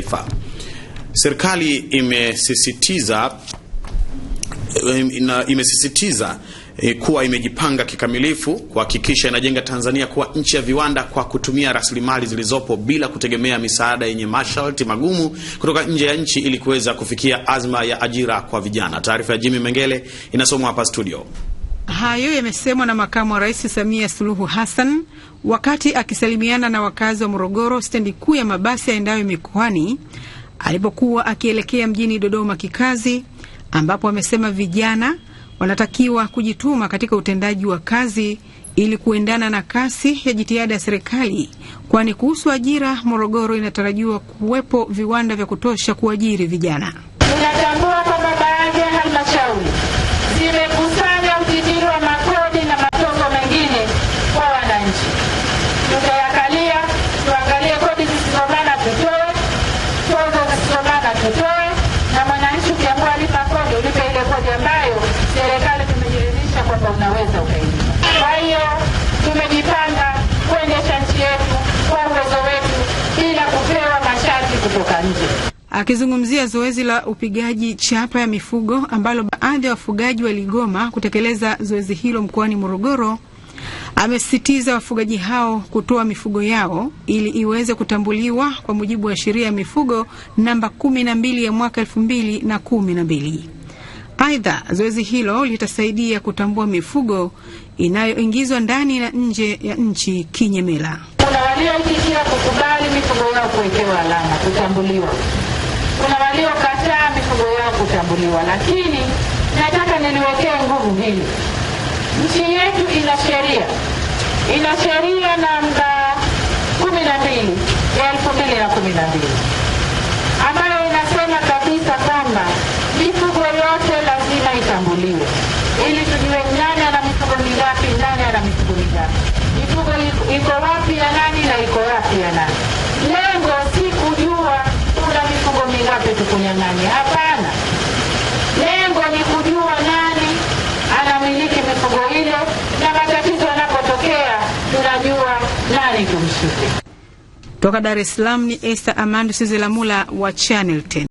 Taifa. Serikali imesisitiza eh, imesisitiza eh, kuwa imejipanga kikamilifu kuhakikisha inajenga Tanzania kuwa nchi ya viwanda kwa kutumia rasilimali zilizopo bila kutegemea misaada yenye masharti magumu kutoka nje ya nchi ili kuweza kufikia azma ya ajira kwa vijana. Taarifa ya Jimmy Mengele inasomwa hapa studio. Hayo yamesemwa na makamu wa rais Samia Suluhu Hassan wakati akisalimiana na wakazi wa Morogoro stendi kuu ya mabasi yaendayo mikoani alipokuwa akielekea mjini Dodoma kikazi, ambapo amesema vijana wanatakiwa kujituma katika utendaji wa kazi ili kuendana na kasi ya jitihada ya serikali, kwani kuhusu ajira, Morogoro inatarajiwa kuwepo viwanda vya kutosha kuajiri vijana. Tunatambua kwamba kwamba unaweza ukaingia. Kwa hiyo tumejipanga kuendesha nchi yetu kwa uwezo wetu bila kupewa masharti kutoka nje. Akizungumzia zoezi la upigaji chapa ya mifugo ambalo baadhi ya wafugaji waligoma kutekeleza zoezi hilo mkoani Morogoro, amesisitiza wafugaji hao kutoa mifugo yao ili iweze kutambuliwa kwa mujibu wa sheria ya mifugo namba kumi na mbili ya mwaka elfu mbili na kumi na mbili. Aidha, zoezi hilo litasaidia kutambua mifugo inayoingizwa ndani na nje ya nchi kinyemela. Kuna walioitikia kukubali mifugo yao kuwekewa alama kutambuliwa, kuna waliokataa mifugo yao kutambuliwa, lakini nataka niliwekee nguvu hili. Nchi yetu ina sheria, ina sheria namba kumi na mbili ya elfu mbili na kumi na mbili nani. Hapana, lengo ni kujua nani anamiliki mifugo hilo, na matatizo yanapotokea tunajua nani kumshika. Toka Dar es Salaam ni Esther Amandu Sizilamula wa Channel 10.